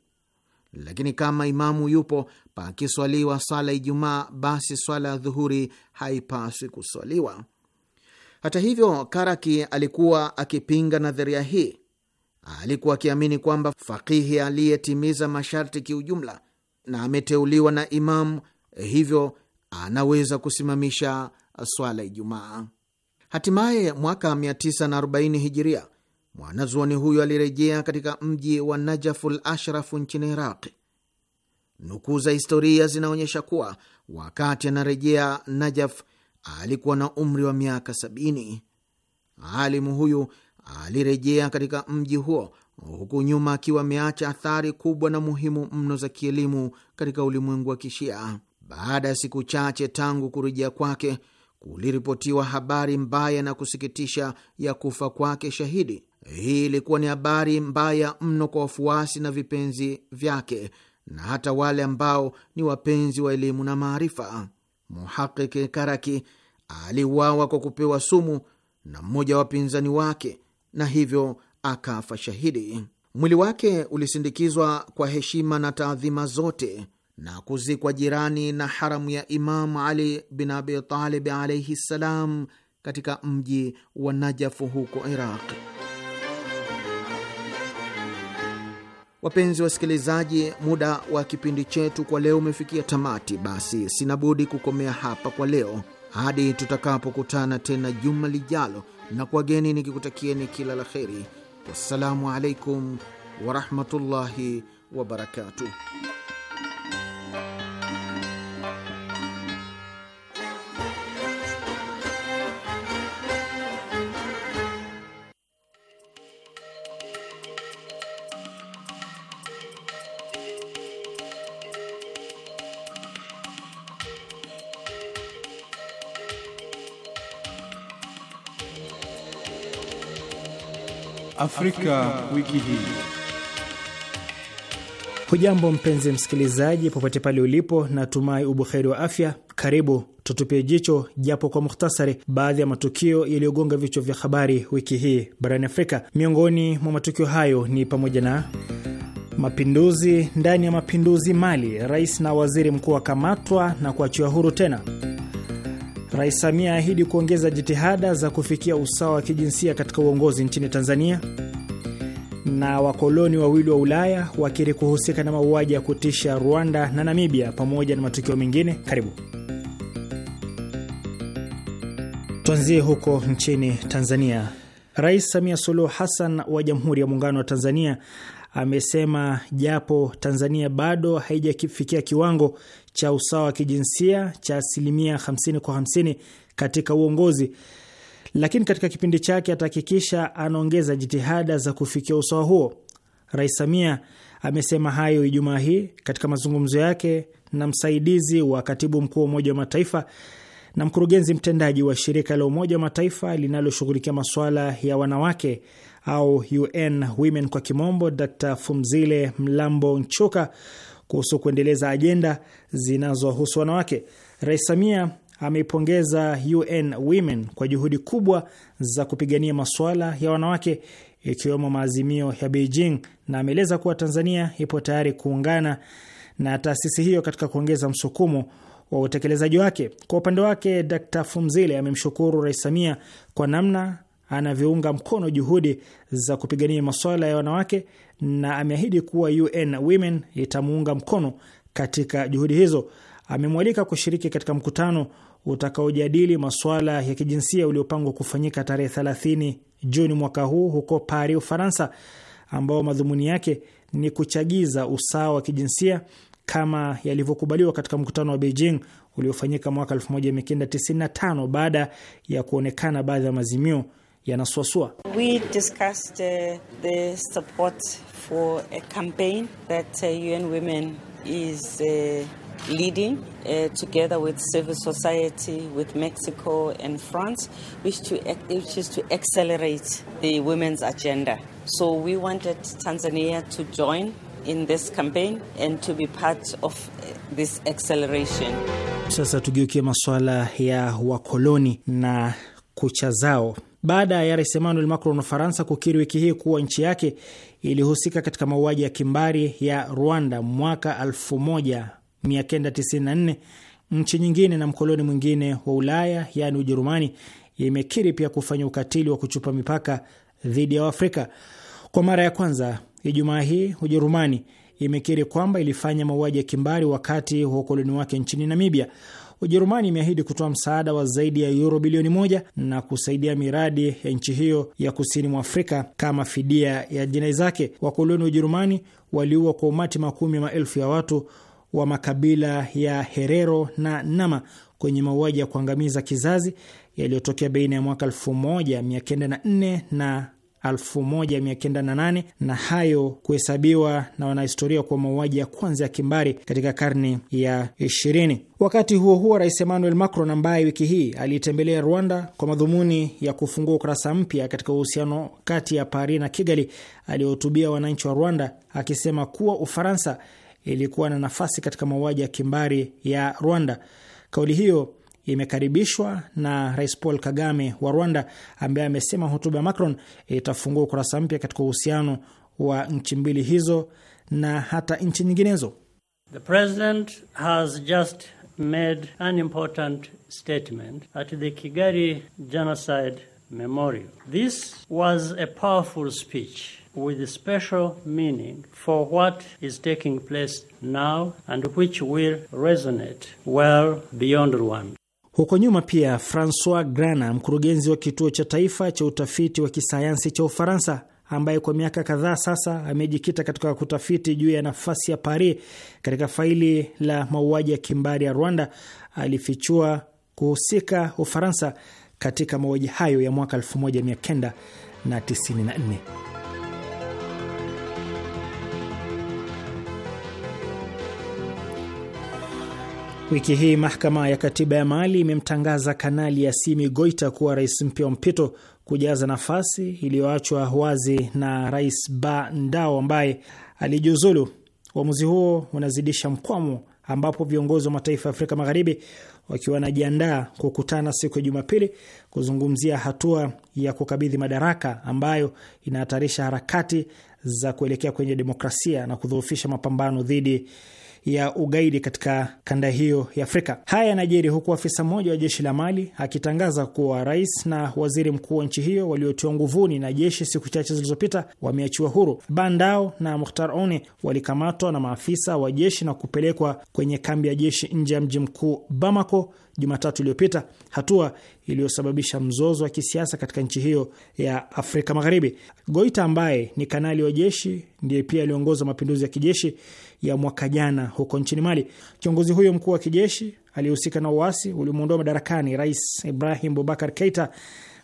Speaker 3: Lakini kama imamu yupo pakiswaliwa ya Ijumaa, basi swala ya dhuhuri haipaswi kuswaliwa. Hata hivyo, Karaki alikuwa akipinga nadharia hii. Alikuwa akiamini kwamba fakihi aliyetimiza masharti kiujumla na ameteuliwa na imamu, hivyo anaweza kusimamisha swala Ijumaa. Hatimaye mwaka 940 hijiria, mwanazuoni huyo alirejea katika mji wa Najaful Ashrafu nchini Iraqi. Nukuu za historia zinaonyesha kuwa wakati anarejea Najaf alikuwa na umri wa miaka sabini. Alimu huyu alirejea katika mji huo huku nyuma akiwa ameacha athari kubwa na muhimu mno za kielimu katika ulimwengu wa Kishia. Baada ya siku chache tangu kurejea kwake, kuliripotiwa habari mbaya na kusikitisha ya kufa kwake shahidi. Hii ilikuwa ni habari mbaya mno kwa wafuasi na vipenzi vyake na hata wale ambao ni wapenzi wa elimu na maarifa. Muhakiki Karaki aliuawa kwa kupewa sumu na mmoja wa wapinzani wake na hivyo akafa shahidi. Mwili wake ulisindikizwa kwa heshima na taadhima zote na kuzikwa jirani na haramu ya Imamu Ali bin Abi Talib alaihi ssalam katika mji wa Najafu huko Iraq. Wapenzi wasikilizaji, muda wa kipindi chetu kwa leo umefikia tamati, basi sina budi kukomea hapa kwa leo hadi tutakapokutana tena juma lijalo, na kwageni nikikutakieni kila la kheri. Wassalamu alaikum warahmatullahi wabarakatuh.
Speaker 4: Afrika wiki hii.
Speaker 5: Hujambo mpenzi msikilizaji, popote pale ulipo, natumai ubuheri wa afya. Karibu tutupie jicho japo kwa muhtasari baadhi ya matukio yaliyogonga vichwa vya habari wiki hii barani Afrika. Miongoni mwa matukio hayo ni pamoja na mapinduzi ndani ya mapinduzi Mali, rais na waziri mkuu wakamatwa na kuachiwa huru tena Rais Samia ahidi kuongeza jitihada za kufikia usawa wa kijinsia katika uongozi nchini Tanzania, na wakoloni wawili wa Ulaya wakiri kuhusika na mauaji ya kutisha Rwanda na Namibia, pamoja na matukio mengine. Karibu tuanzie huko nchini Tanzania. Rais Samia Suluhu Hassan wa Jamhuri ya Muungano wa Tanzania amesema japo Tanzania bado haijafikia kiwango cha usawa wa kijinsia cha asilimia 50 kwa 50 katika uongozi, lakini katika kipindi chake atahakikisha anaongeza jitihada za kufikia usawa huo. Rais Samia amesema hayo Ijumaa hii katika mazungumzo yake na msaidizi wa katibu mkuu wa Umoja wa Mataifa na mkurugenzi mtendaji wa shirika la Umoja wa Mataifa linaloshughulikia masuala ya wanawake au UN Women kwa kimombo, Dr Fumzile Mlambo Nchuka kuhusu kuendeleza ajenda zinazohusu wanawake. Rais Samia ameipongeza UN Women kwa juhudi kubwa za kupigania masuala ya wanawake ikiwemo maazimio ya Beijing na ameeleza kuwa Tanzania ipo tayari kuungana na taasisi hiyo katika kuongeza msukumo wa utekelezaji wake. Kwa upande wake, d Fumzile amemshukuru Rais Samia kwa namna anavyounga mkono juhudi za kupigania masuala ya wanawake na ameahidi kuwa UN Women itamuunga mkono katika juhudi hizo. Amemwalika kushiriki katika mkutano utakaojadili masuala ya kijinsia uliopangwa kufanyika tarehe 30 Juni mwaka huu huko Paris, Ufaransa, ambao madhumuni yake ni kuchagiza usawa wa kijinsia kama yalivyokubaliwa katika mkutano wa Beijing uliofanyika mwaka 1995 baada ya kuonekana baadhi ya maazimio yanasuasua.
Speaker 6: We discussed uh, the support for a campaign that uh, UN Women is uh, leading uh, together with civil society with Mexico and France which to which is to accelerate the women's agenda. So we wanted Tanzania to join in this campaign and to be part of uh, this acceleration.
Speaker 5: Sasa tugeukie masuala ya wakoloni na kucha zao baada ya Rais Emmanuel Macron wa Faransa kukiri wiki hii kuwa nchi yake ilihusika katika mauaji ya kimbari ya Rwanda mwaka 1994. Nchi nyingine na mkoloni mwingine wa Ulaya yaani Ujerumani imekiri pia kufanya ukatili wa kuchupa mipaka dhidi ya Waafrika. Kwa mara ya kwanza Ijumaa hii Ujerumani imekiri kwamba ilifanya mauaji ya kimbari wakati wa ukoloni wake nchini Namibia. Ujerumani imeahidi kutoa msaada wa zaidi ya yuro bilioni moja na kusaidia miradi ya nchi hiyo ya kusini mwa Afrika kama fidia ya jinai zake. Wakoloni wa Ujerumani waliua kwa umati makumi ya maelfu ya watu wa makabila ya Herero na Nama kwenye mauaji ya kuangamiza kizazi yaliyotokea baina ya mwaka 1904 na 1908 na hayo kuhesabiwa na wanahistoria kwa mauaji ya kwanza ya kimbari katika karne ya 20. Wakati huo huo, Rais Emmanuel Macron ambaye wiki hii aliitembelea Rwanda kwa madhumuni ya kufungua ukurasa mpya katika uhusiano kati ya Paris na Kigali, aliyohutubia wananchi wa Rwanda akisema kuwa Ufaransa ilikuwa na nafasi katika mauaji ya kimbari ya Rwanda. Kauli hiyo imekaribishwa na Rais Paul Kagame wa Rwanda, ambaye amesema hotuba ya Macron itafungua ukurasa mpya katika uhusiano wa nchi mbili hizo na hata nchi nyinginezo.
Speaker 6: The president has just made an important statement at the Kigali genocide
Speaker 5: memorial. This was a powerful speech with a special meaning for what is taking place now and which will resonate well beyond Rwanda. Huko nyuma pia, Francois Grana, mkurugenzi wa kituo cha taifa cha utafiti wa kisayansi cha Ufaransa, ambaye kwa miaka kadhaa sasa amejikita katika kutafiti juu ya nafasi ya Paris katika faili la mauaji ya kimbari ya Rwanda, alifichua kuhusika Ufaransa katika mauaji hayo ya mwaka 1994. Wiki hii mahakama ya katiba ya Mali imemtangaza Kanali yasimi Goita kuwa rais mpya wa mpito kujaza nafasi iliyoachwa wazi na Rais Ba Ndao ambaye alijiuzulu. Uamuzi huo unazidisha mkwamo ambapo viongozi wa mataifa ya Afrika Magharibi wakiwa wanajiandaa kukutana siku ya Jumapili kuzungumzia hatua ya kukabidhi madaraka ambayo inahatarisha harakati za kuelekea kwenye demokrasia na kudhoofisha mapambano dhidi ya ugaidi katika kanda hiyo ya Afrika. Haya yanajiri huku afisa mmoja wa jeshi la Mali akitangaza kuwa rais na waziri mkuu wa nchi hiyo waliotiwa nguvuni na jeshi siku chache zilizopita wameachiwa huru. Bandao na Mukhtar One walikamatwa na maafisa wa jeshi na kupelekwa kwenye kambi ya jeshi nje ya mji mkuu Bamako Jumatatu iliyopita, hatua iliyosababisha mzozo wa kisiasa katika nchi hiyo ya Afrika Magharibi. Goita ambaye ni kanali wa jeshi ndiye pia aliongoza mapinduzi ya kijeshi ya mwaka jana huko nchini Mali. Kiongozi huyo mkuu wa kijeshi aliyehusika na uasi uliomwondoa madarakani Rais Ibrahim Bubakar Keita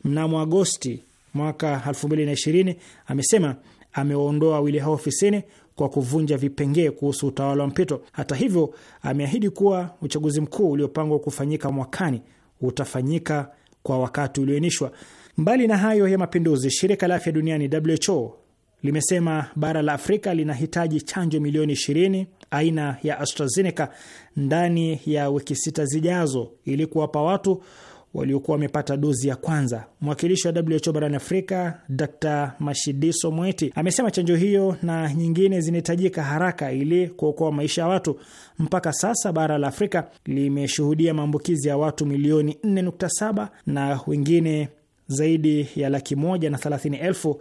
Speaker 5: mnamo Agosti mwaka 2020, amesema amewaondoa wawili hao ofisini kwa kuvunja vipengee kuhusu utawala wa mpito. Hata hivyo, ameahidi kuwa uchaguzi mkuu uliopangwa kufanyika mwakani utafanyika kwa wakati ulioainishwa. Mbali na hayo ya mapinduzi, shirika la afya duniani WHO limesema bara la Afrika linahitaji chanjo milioni 20 aina ya AstraZeneca ndani ya wiki sita zijazo ili kuwapa watu waliokuwa wamepata dozi ya kwanza. Mwakilishi wa WHO barani Afrika, Dr Mashidiso mweti amesema chanjo hiyo na nyingine zinahitajika haraka ili kuokoa maisha ya watu. Mpaka sasa bara la Afrika limeshuhudia maambukizi ya watu milioni 4.7 na wengine zaidi ya laki moja na thelathini elfu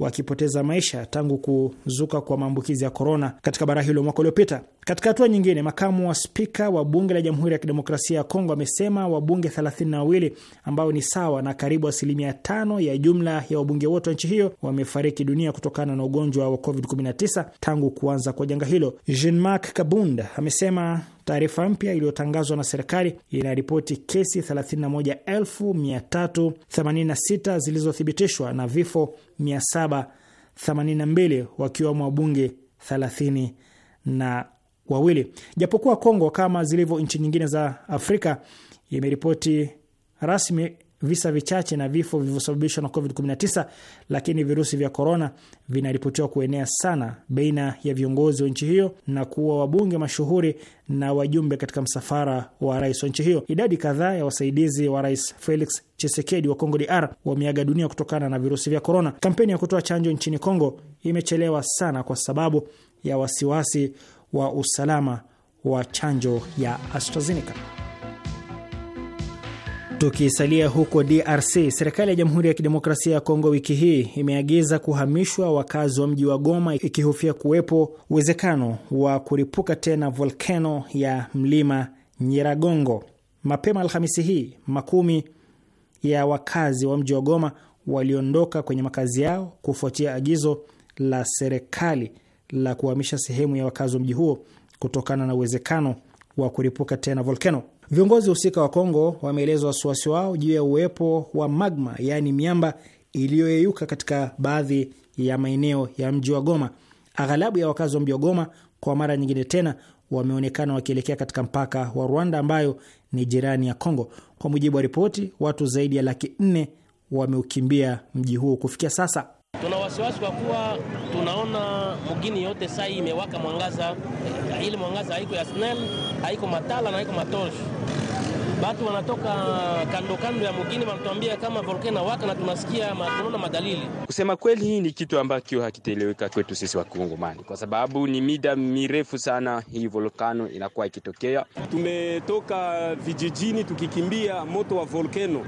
Speaker 5: wakipoteza maisha tangu kuzuka kwa maambukizi ya korona katika bara hilo mwaka uliopita. Katika hatua nyingine, makamu wa spika wa bunge la Jamhuri ya Kidemokrasia ya Kongo amesema wabunge 32 ambao ni sawa na karibu asilimia tano ya jumla ya wabunge wote wa nchi hiyo wamefariki dunia kutokana na ugonjwa wa COVID-19 tangu kuanza kwa janga hilo. Jean-Marc Kabunda amesema Taarifa mpya iliyotangazwa na serikali inaripoti kesi 31386 zilizothibitishwa na vifo 782 wakiwemo wabunge 30 na wawili. Japokuwa Kongo kama zilivyo nchi nyingine za Afrika imeripoti rasmi visa vichache na vifo vilivyosababishwa na COVID-19, lakini virusi vya korona vinaripotiwa kuenea sana baina ya viongozi wa nchi hiyo na kuwa wabunge mashuhuri na wajumbe katika msafara wa rais wa nchi hiyo. Idadi kadhaa ya wasaidizi wa rais Felix Chisekedi wa congo DR wameaga dunia kutokana na virusi vya korona. Kampeni ya kutoa chanjo nchini Kongo imechelewa sana kwa sababu ya wasiwasi wa usalama wa chanjo ya AstraZeneca. Tukisalia huko DRC, serikali ya Jamhuri ya Kidemokrasia ya Kongo wiki hii imeagiza kuhamishwa wakazi wa mji wa Goma ikihofia kuwepo uwezekano wa kuripuka tena volkano ya mlima Nyiragongo. Mapema Alhamisi hii makumi ya wakazi wa mji wa Goma waliondoka kwenye makazi yao kufuatia agizo la serikali la kuhamisha sehemu ya wakazi wa mji huo kutokana na uwezekano wa kuripuka tena volkano. Viongozi husika wa Kongo wameeleza wasiwasi wao juu ya uwepo wa magma, yaani miamba iliyoyeyuka katika baadhi ya maeneo ya mji wa Goma. Aghalabu ya wakazi wa mji wa Goma kwa mara nyingine tena wameonekana wakielekea katika mpaka wa Rwanda ambayo ni jirani ya Kongo. Kwa mujibu wa ripoti, watu zaidi ya laki nne wameukimbia mji huo kufikia sasa.
Speaker 3: Tuna wasiwasi kwa kuwa tunaona mgini
Speaker 5: yote sai imewaka mwangaza, ili mwangaza haiko ya SNEL, haiko matala na haiko matosh batu wanatoka kando kando ya mgini wanatuambia kama volkano waka, na tunasikia tunaona madalili. Kusema kweli, hii ni kitu ambacho hakiteleweka kwetu sisi wa Wakongomani, kwa sababu ni mida mirefu sana hii volkano inakuwa ikitokea. Tumetoka vijijini tukikimbia moto wa volkano,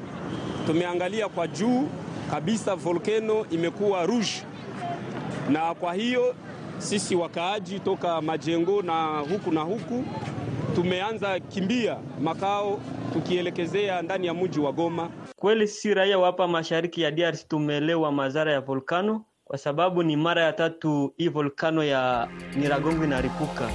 Speaker 5: tumeangalia kwa juu kabisa, volkano imekuwa rouge, na kwa hiyo sisi wakaaji toka majengo na huku na huku tumeanza kimbia makao tukielekezea ndani ya mji wa Goma.
Speaker 3: Kweli si raia wa hapa mashariki ya DRC tumeelewa madhara ya volkano, kwa sababu ni mara ya tatu hii volkano ya Nyiragongo inaripuka.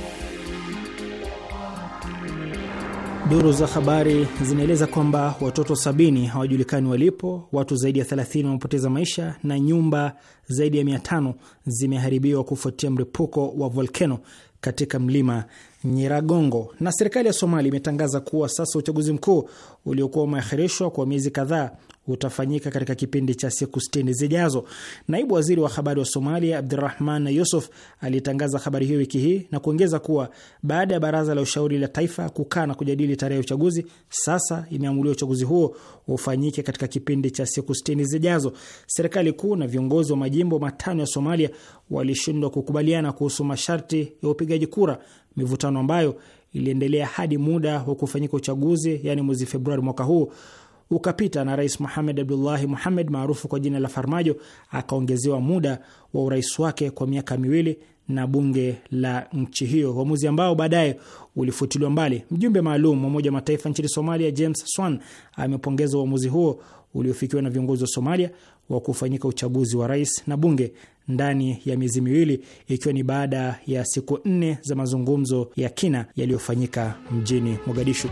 Speaker 5: Duru za habari zinaeleza kwamba watoto sabini hawajulikani walipo, watu zaidi ya 30 wamepoteza maisha na nyumba zaidi ya 500 zimeharibiwa kufuatia mlipuko wa volkano katika mlima Nyiragongo. Na serikali ya Somalia imetangaza kuwa sasa uchaguzi mkuu uliokuwa umeahirishwa kwa miezi kadhaa utafanyika katika kipindi cha siku 60 zijazo. Naibu waziri wa habari wa Somalia Abdurahman Yusuf alitangaza habari hiyo wiki hii na kuongeza kuwa baada ya baraza la ushauri la taifa kukaa na kujadili tarehe ya uchaguzi, sasa imeamuliwa uchaguzi huo ufanyike katika kipindi cha siku 60 zijazo. Serikali kuu na viongozi wa majimbo matano ya Somalia walishindwa kukubaliana kuhusu masharti ya upigaji kura, mivutano ambayo iliendelea hadi muda wa kufanyika uchaguzi, yaani mwezi Februari mwaka huu ukapita na Rais Mohamed Abdullahi Mohamed maarufu kwa jina la Farmajo akaongezewa muda wa urais wake kwa miaka miwili na bunge la nchi hiyo, uamuzi ambao baadaye ulifutiliwa mbali. Mjumbe maalum wa Umoja wa Mataifa nchini Somalia James Swan amepongeza uamuzi huo uliofikiwa na viongozi wa Somalia wa kufanyika uchaguzi wa rais na bunge ndani ya miezi miwili, ikiwa ni baada ya siku nne za mazungumzo ya kina yaliyofanyika mjini Mogadishu.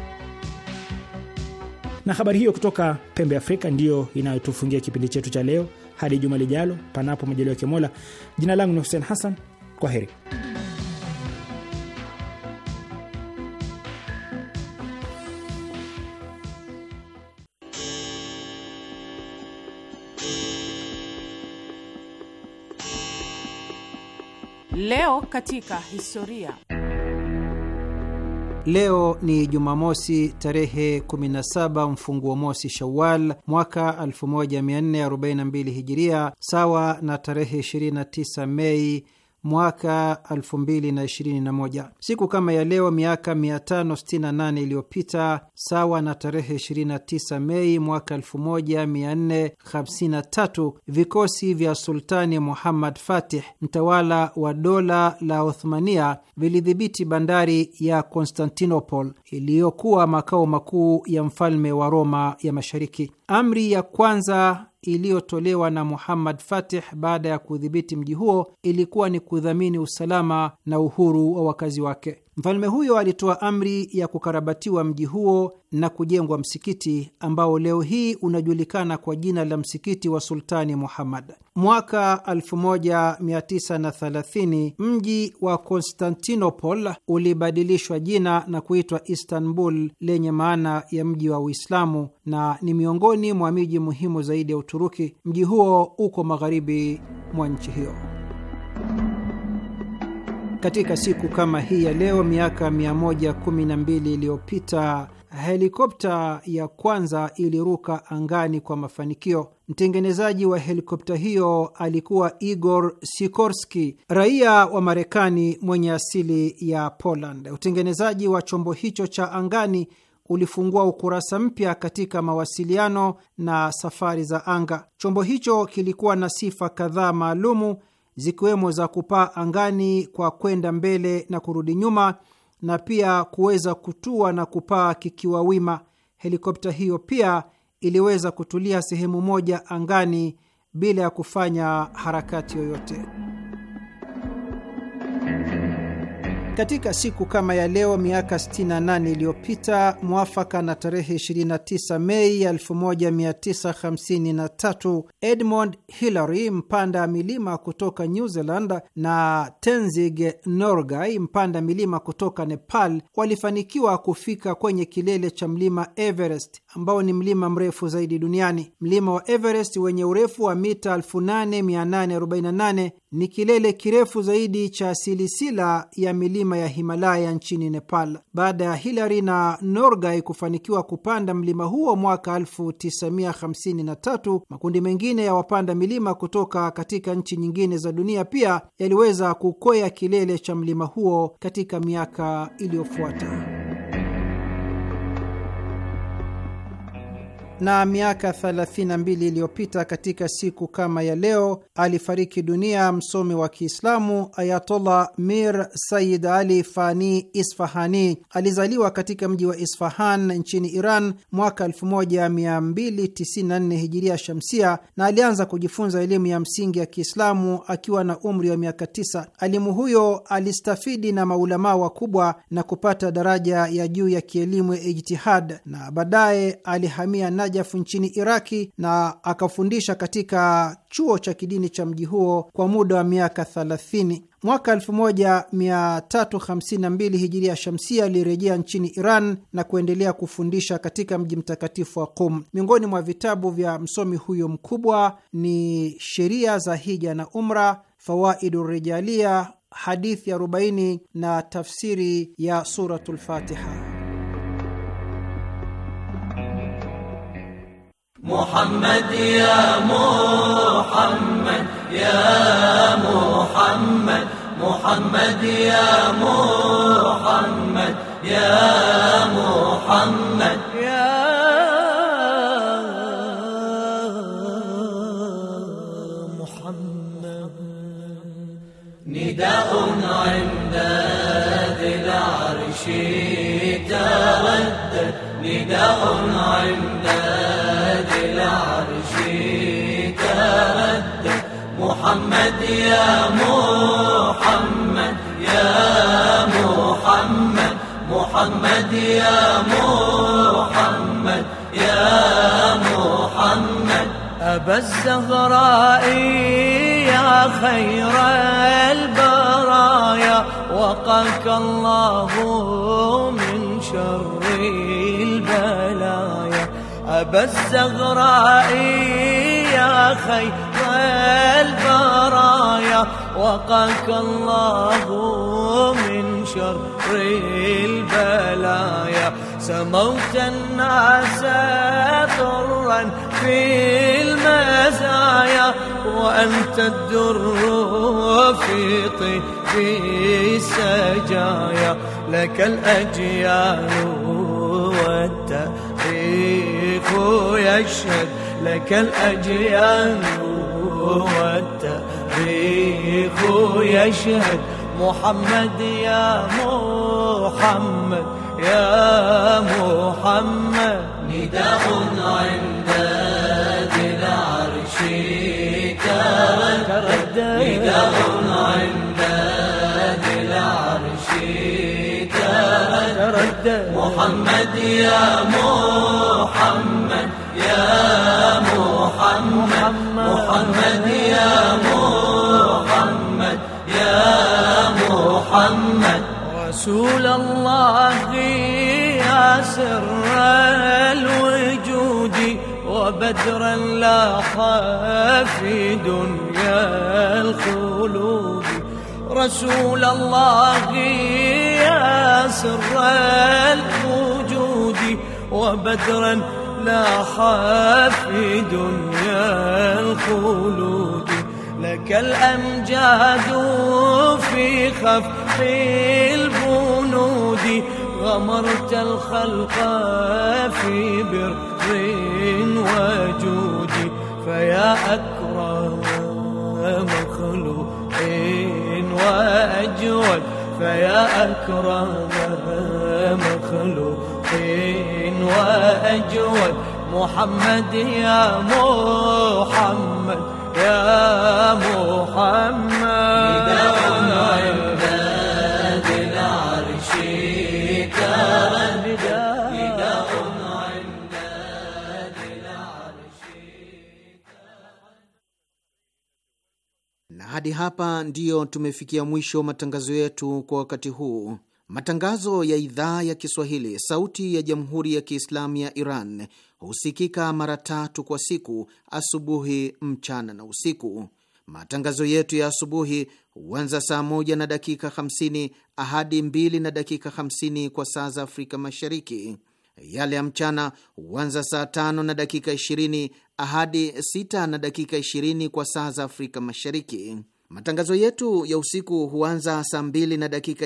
Speaker 5: Na habari hiyo kutoka pembe Afrika ndiyo inayotufungia kipindi chetu cha leo hadi juma lijalo, panapo majaliwa ya Mola. Jina langu ni Hussein Hassan, kwa heri.
Speaker 2: Leo
Speaker 4: katika historia
Speaker 7: Leo ni Jumamosi tarehe 17 mfunguo mosi Shawal mwaka 1442 Hijiria, sawa na tarehe 29 Mei mwaka 2021. Siku kama ya leo miaka 568 iliyopita, sawa na tarehe 29 Mei mwaka 1453, vikosi vya Sultani Muhammad Fatih, mtawala wa dola la Othmania, vilidhibiti bandari ya Constantinople iliyokuwa makao makuu ya mfalme wa Roma ya Mashariki. Amri ya kwanza iliyotolewa na Muhammad Fatih baada ya kudhibiti mji huo ilikuwa ni kudhamini usalama na uhuru wa wakazi wake. Mfalme huyo alitoa amri ya kukarabatiwa mji huo na kujengwa msikiti ambao leo hii unajulikana kwa jina la msikiti wa Sultani Muhammad. Mwaka 1930 mji wa Konstantinopol ulibadilishwa jina na kuitwa Istanbul, lenye maana ya mji wa Uislamu, na ni miongoni mwa miji muhimu zaidi ya Uturuki. Mji huo uko magharibi mwa nchi hiyo. Katika siku kama hii ya leo miaka 112 iliyopita helikopta ya kwanza iliruka angani kwa mafanikio. Mtengenezaji wa helikopta hiyo alikuwa Igor Sikorski, raia wa Marekani mwenye asili ya Poland. Utengenezaji wa chombo hicho cha angani ulifungua ukurasa mpya katika mawasiliano na safari za anga. Chombo hicho kilikuwa na sifa kadhaa maalumu zikiwemo za kupaa angani kwa kwenda mbele na kurudi nyuma na pia kuweza kutua na kupaa kikiwa wima. Helikopta hiyo pia iliweza kutulia sehemu moja angani bila ya kufanya harakati yoyote. Katika siku kama ya leo miaka 68 iliyopita mwafaka na tarehe 29 Mei 1953, Edmund Hillary, mpanda milima kutoka New Zealand, na Tenzing Norgay, mpanda milima kutoka Nepal, walifanikiwa kufika kwenye kilele cha mlima Everest ambao ni mlima mrefu zaidi duniani. Mlima wa Everest wenye urefu wa mita 8848 ni kilele kirefu zaidi cha silisila ya milima ya Himalaya nchini Nepal. Baada ya Hilary na Norgay kufanikiwa kupanda mlima huo mwaka 1953, makundi mengine ya wapanda milima kutoka katika nchi nyingine za dunia pia yaliweza kukwea kilele cha mlima huo katika miaka iliyofuata. na miaka 32 iliyopita katika siku kama ya leo alifariki dunia msomi wa Kiislamu Ayatollah Mir Sayyid Ali Fani Isfahani. Alizaliwa katika mji wa Isfahan nchini Iran mwaka 1294 hijiria shamsia, na alianza kujifunza elimu ya msingi ya Kiislamu akiwa na umri wa miaka 9. Alimu huyo alistafidi na maulamaa wakubwa na kupata daraja ya juu ya kielimu ya ijtihad, na baadaye alihamia Najaf nchini Iraki na akafundisha katika chuo cha kidini cha mji huo kwa muda wa miaka 30. Mwaka 1352 hijiria shamsia alirejea nchini Iran na kuendelea kufundisha katika mji mtakatifu wa Qum. Miongoni mwa vitabu vya msomi huyo mkubwa ni sheria za hija na umra, fawaidu rijalia, hadithi 40 na tafsiri ya suratul Fatiha. محمد يا
Speaker 6: محمد يا محمد محمد يا محمد يا محمد يا محمد نداء عند ذي العرش تردد نداء عند محمد يا محمد يا محمد محمد يا محمد يا محمد أبا الزهراء يا خير البرايا وقاك الله من شر البلايا أبا الزهراء يا خير البرايا وقاك الله من شر البلايا سموت الناس ضرا في المزايا وأنت الدر في طيب السجايا لك الأجيال والتاريخ يشهد لك الأجيال والتاريخ يشهد محمد يا محمد يا محمد نداء عند ذي العرش تردد نداء عند ذي العرش تردد محمد يا محمد يا محمد محمد يا محمد يا محمد رسول الله يا سر الوجود وبدرا لا في دنيا الخلود رسول الله يا سر الوجود وبدرا والملاح في دنيا الخلود لك الأمجاد في خفق البنود غمرت الخلق في بر وجود فيا أكرم مخلوق وأجود فيا أكرم مخلوق وأجود محمد يا محمد يا محمد عند العرش تردد نداء عند العرش
Speaker 3: na hadi hapa ndiyo tumefikia mwisho matangazo yetu kwa wakati huu. Matangazo ya idhaa ya Kiswahili sauti ya jamhuri ya Kiislamu ya Iran husikika mara tatu kwa siku: asubuhi, mchana na usiku. Matangazo yetu ya asubuhi huanza saa moja na dakika 50 ahadi 2 na dakika 50 kwa saa za Afrika Mashariki. Yale ya mchana huanza saa tano na dakika 20 ahadi sita na dakika ishirini kwa saa za Afrika Mashariki. Matangazo yetu ya usiku huanza saa mbili na dakika